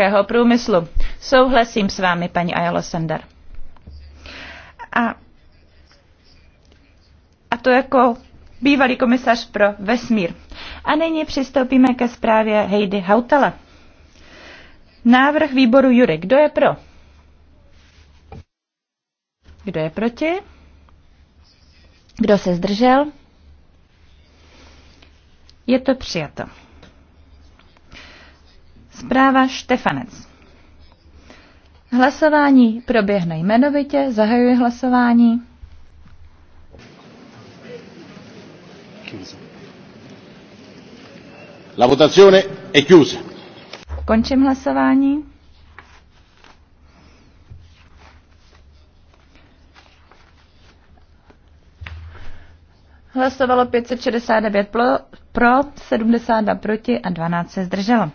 chemického průmyslu. Souhlasím s vámi, paní Ayala Sender. A, a to jako bývalý komisař pro vesmír. A nyní přistoupíme ke zprávě Heidi Hautala. Návrh výboru Jury. Kdo je pro? Kdo je proti? Kdo se zdržel? Je to přijato. Zpráva Štefanec. Hlasování proběhne jmenovitě, zahajuji hlasování. La votazione è chiusa. Končím hlasování. Hlasovalo 569 pro, 72 proti a 12 se zdrželo.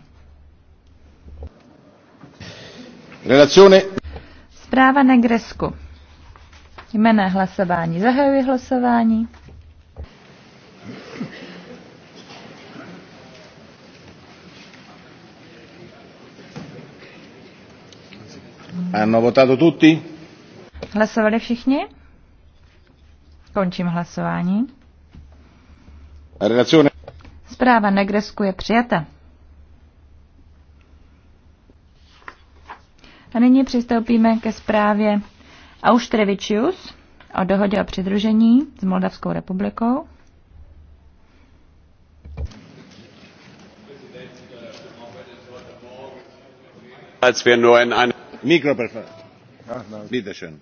Zpráva Negresku. Jmené hlasování. Zahajuji hlasování. Hanno votato tutti? Hlasovali všichni? Končím hlasování. Relazione... Zpráva Negresku je přijata. A nyní přistoupíme ke zprávě Auštrevičius o dohodě o přidružení s Moldavskou republikou. Als wir nur in einem Mikro bitte schön.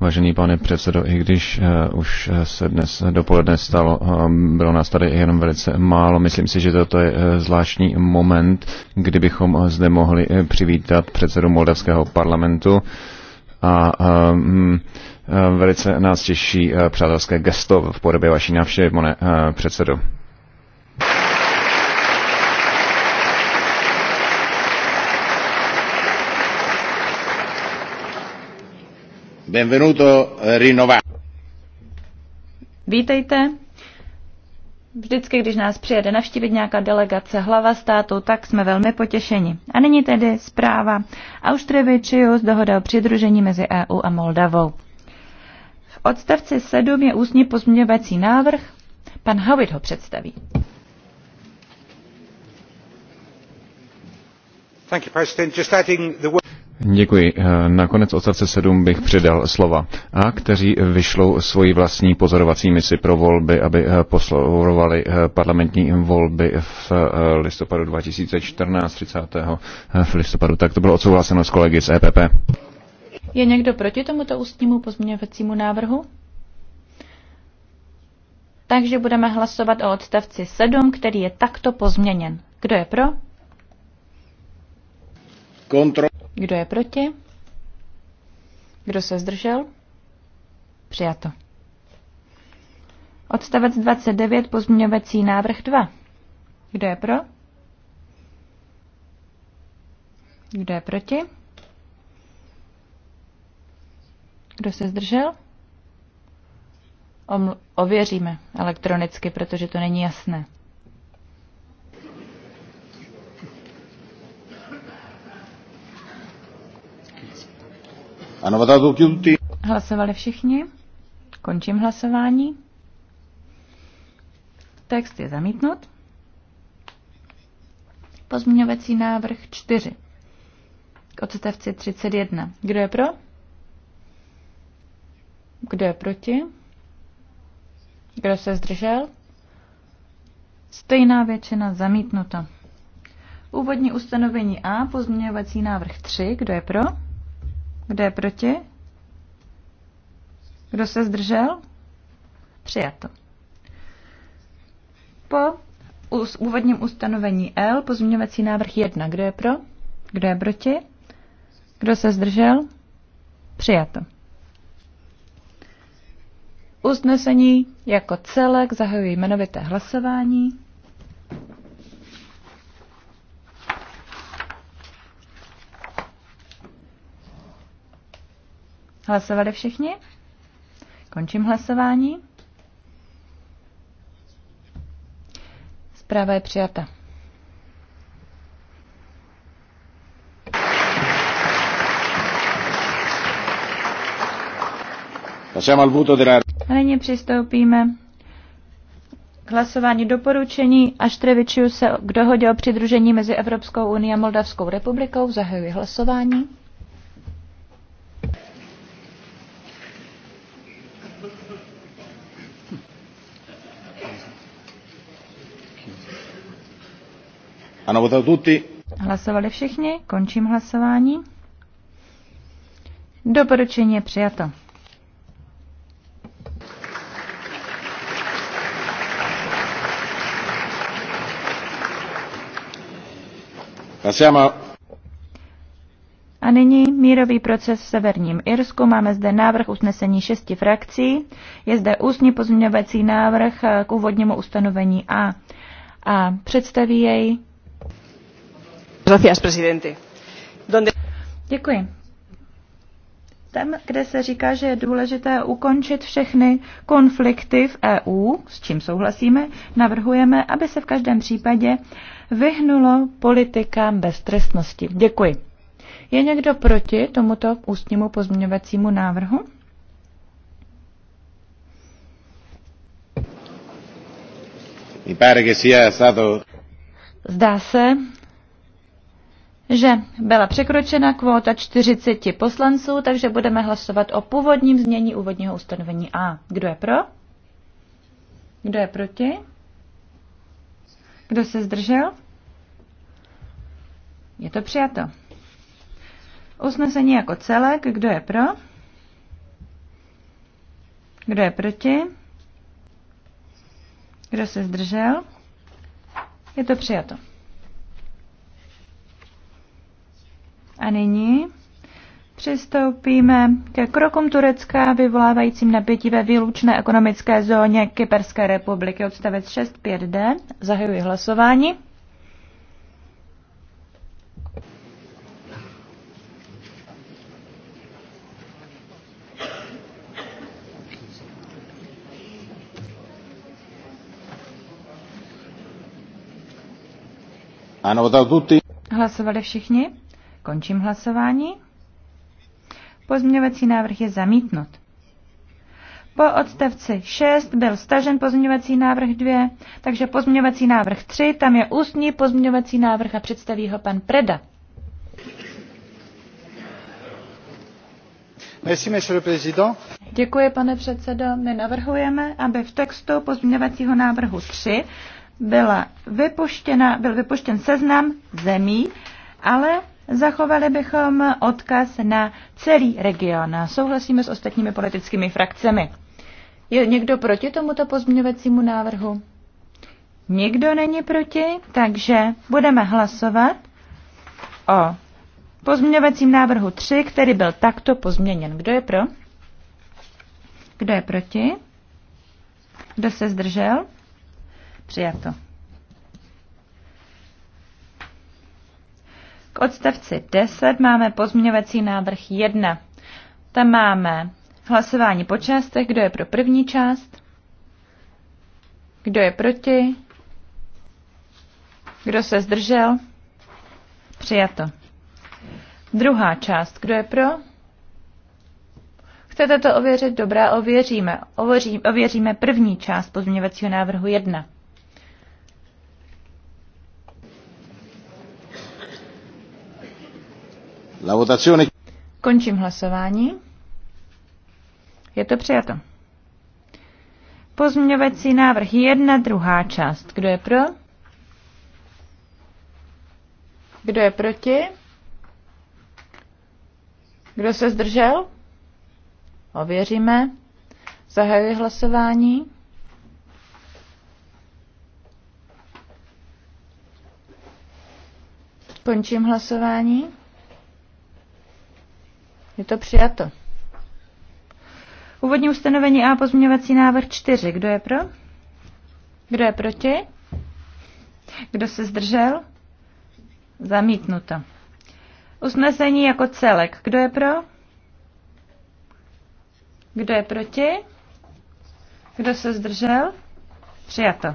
Vážený pane předsedo, i když uh, už eh, se dnes dopoledne stalo, um, bylo nás tady jenom velice málo, myslím si, že toto je uh, zvláštní moment, kdybychom zde mohli uh, přivítat předsedu Moldavského parlamentu a um, uh, velice nás těší uh, přátelské gesto v podobě vaší návštěvy, pane uh, předsedo. Benvenuto eh, Rinnovato. Vítejte. Vždycky, když nás přijede navštívit nějaká delegace hlava státu, tak jsme velmi potěšeni. A nyní tedy zpráva Austrevičius dohoda o přidružení mezi EU a Moldavou. V odstavci 7 je ústní pozměňovací návrh. Pan Howitt ho představí. Thank you, President. Just adding the... Děkuji. Eh, nakonec odstavce 7 bych předal slova a kteří vyšlou svoji vlastní pozorovací misi pro volby, aby eh, poslourovali eh, parlamentní volby v listopadu 2014, 30. v listopadu. Tak to bylo odsouhlaseno s kolegy z EPP. Je někdo proti tomuto ústnímu pozměňovacímu návrhu? Takže budeme hlasovat o odstavci 7, který je takto pozměněn. Kdo je pro? Kontrol. Kdo je proti? Kdo se zdržel? Přijato. Odstavec 29, pozměňovací návrh 2. Kdo je pro? Kdo je proti? Kdo se zdržel? ověříme elektronicky, protože to není jasné. Hlasovali všichni? Končím hlasování. Text je zamítnut. Pozměňovací návrh 4 k odstavci 31. Kdo je pro? Kdo je proti? Kdo se zdržel? Stejná většina zamítnuto. Úvodní ustanovení A, pozměňovací návrh 3. Kdo je pro? Kdo je proti? Kdo se zdržel? Přijato. Po s úvodním ustanovení L pozměňovací návrh 1. Kdo je pro? Kdo je proti? Kdo se zdržel? Přijato. Usnesení jako celek zahajuji jmenovité hlasování. Hlasovali všichni? Končím hlasování. Zpráva je přijata. A nyní přistoupíme k hlasování doporučení Aštrevičiu se k dohodě o přidružení mezi Evropskou unii a Moldavskou republikou. Zahajuji hlasování. Hanno votato tutti? Hlasovali všichni, končím hlasování. Doporučení je přijato. A nyní mírový proces v Severním Irsku. Máme zde návrh usnesení šesti frakcí. Je zde ústní pozměňovací návrh eh, k úvodnímu ustanovení A. A představí jej Děkuji. Tam, kde se říká, že je důležité ukončit všechny konflikty v EU, s čím souhlasíme, navrhujeme, aby se v každém případě vyhnulo politikám beztrestnosti. Děkuji. Je někdo proti tomuto ústnímu pozměňovacímu návrhu? Zdá se, že byla překročena kvóta 40 poslanců, takže budeme hlasovat o původním změní úvodního ustanovení A. Kdo je pro? Kdo je proti? Kdo se zdržel? Je to přijato. Usnesení jako celek. Kdo je pro? Kdo je proti? Kdo se zdržel? Je to přijato. A nyní přistoupíme ke krokům Turecka vyvolávajícím napětí ve výlučné ekonomické zóně Kyperské republiky. Odstavec 6.5d. Zahajuji hlasování. Hlasovali všichni? Končím hlasování. Pozměňovací návrh je zamítnut. Po odstavci 6 byl stažen pozměňovací návrh 2, takže pozměňovací návrh 3, tam je ústní pozměňovací návrh a představí ho pan Preda. Merci, monsieur le président. Děkuji, pane předsedo. My navrhujeme, aby v textu pozměňovacího návrhu 3 byla vypuštěna, byl vypuštěn seznam zemí, ale Zachovali bychom odkaz na celý region. Souhlasíme s ostatními politickými frakcemi. Je někdo proti tomuto pozměňovacímu návrhu? Nikdo není proti, takže budeme hlasovat o pozměňovacím návrhu 3, který byl takto pozměněn. Kdo je pro? Kdo je proti? Kdo se zdržel? Přijato. K odstavci 10 máme pozměňovací návrh 1. Tam máme hlasování po částech, kdo je pro první část, kdo je proti, kdo se zdržel, přijato. Druhá část, kdo je pro? Chcete to ověřit? Dobrá, ověříme. ověříme první část pozměňovacího návrhu 1. La votazione. Končím hlasování. Je to přijato. Pozměňovací návrh Jedna druhá část. Kdo je pro? Kdo je proti? Kdo se zdržel? Ověříme. Zahajuji hlasování. Končím hlasování. Je to přijato. Úvodní ustanovení A pozměňovací návrh 4. Kdo je pro? Kdo je proti? Kdo se zdržel? Zamítnuto. Usnesení jako celek. Kdo je pro? Kdo je proti? Kdo se zdržel? Přijato.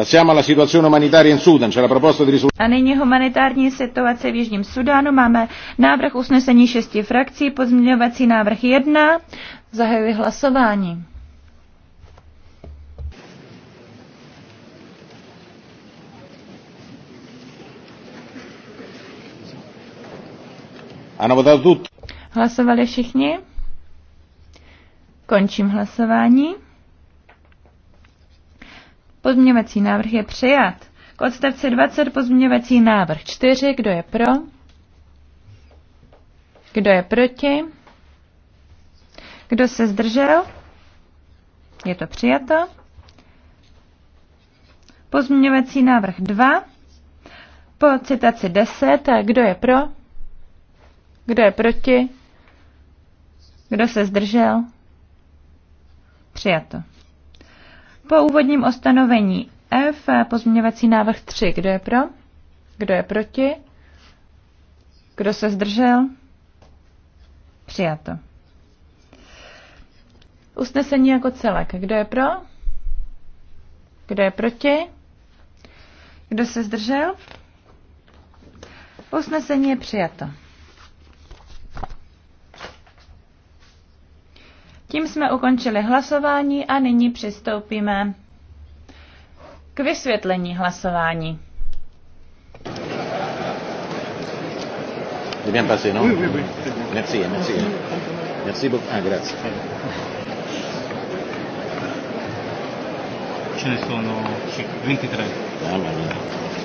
Passiamo alla situazione umanitaria in Sudan. C'è la proposta di risoluzione. A nyní humanitární situace v Jižním Sudánu. Máme návrh usnesení šesti frakcí, pozměňovací návrh jedna. Zahajuji hlasování. Ano, Hlasovali všichni? Končím hlasování. Pozměňovací návrh je přijat. K odstavci 20 pozměňovací návrh 4. Kdo je pro? Kdo je proti? Kdo se zdržel? Je to přijato. Pozměňovací návrh 2. Po citaci 10. Kdo je pro? Kdo je proti? Kdo se zdržel? Přijato. Po úvodním ostanovení F pozměňovací návrh 3. Kdo je pro? Kdo je proti? Kdo se zdržel? Přijato. Usnesení jako celek. Kdo je pro? Kdo je proti? Kdo se zdržel? Usnesení je přijato. Tím jsme ukončili hlasování a nyní přistoupíme k vysvětlení hlasování. no? Ah, grazie. Ce ne sono 23. da, da.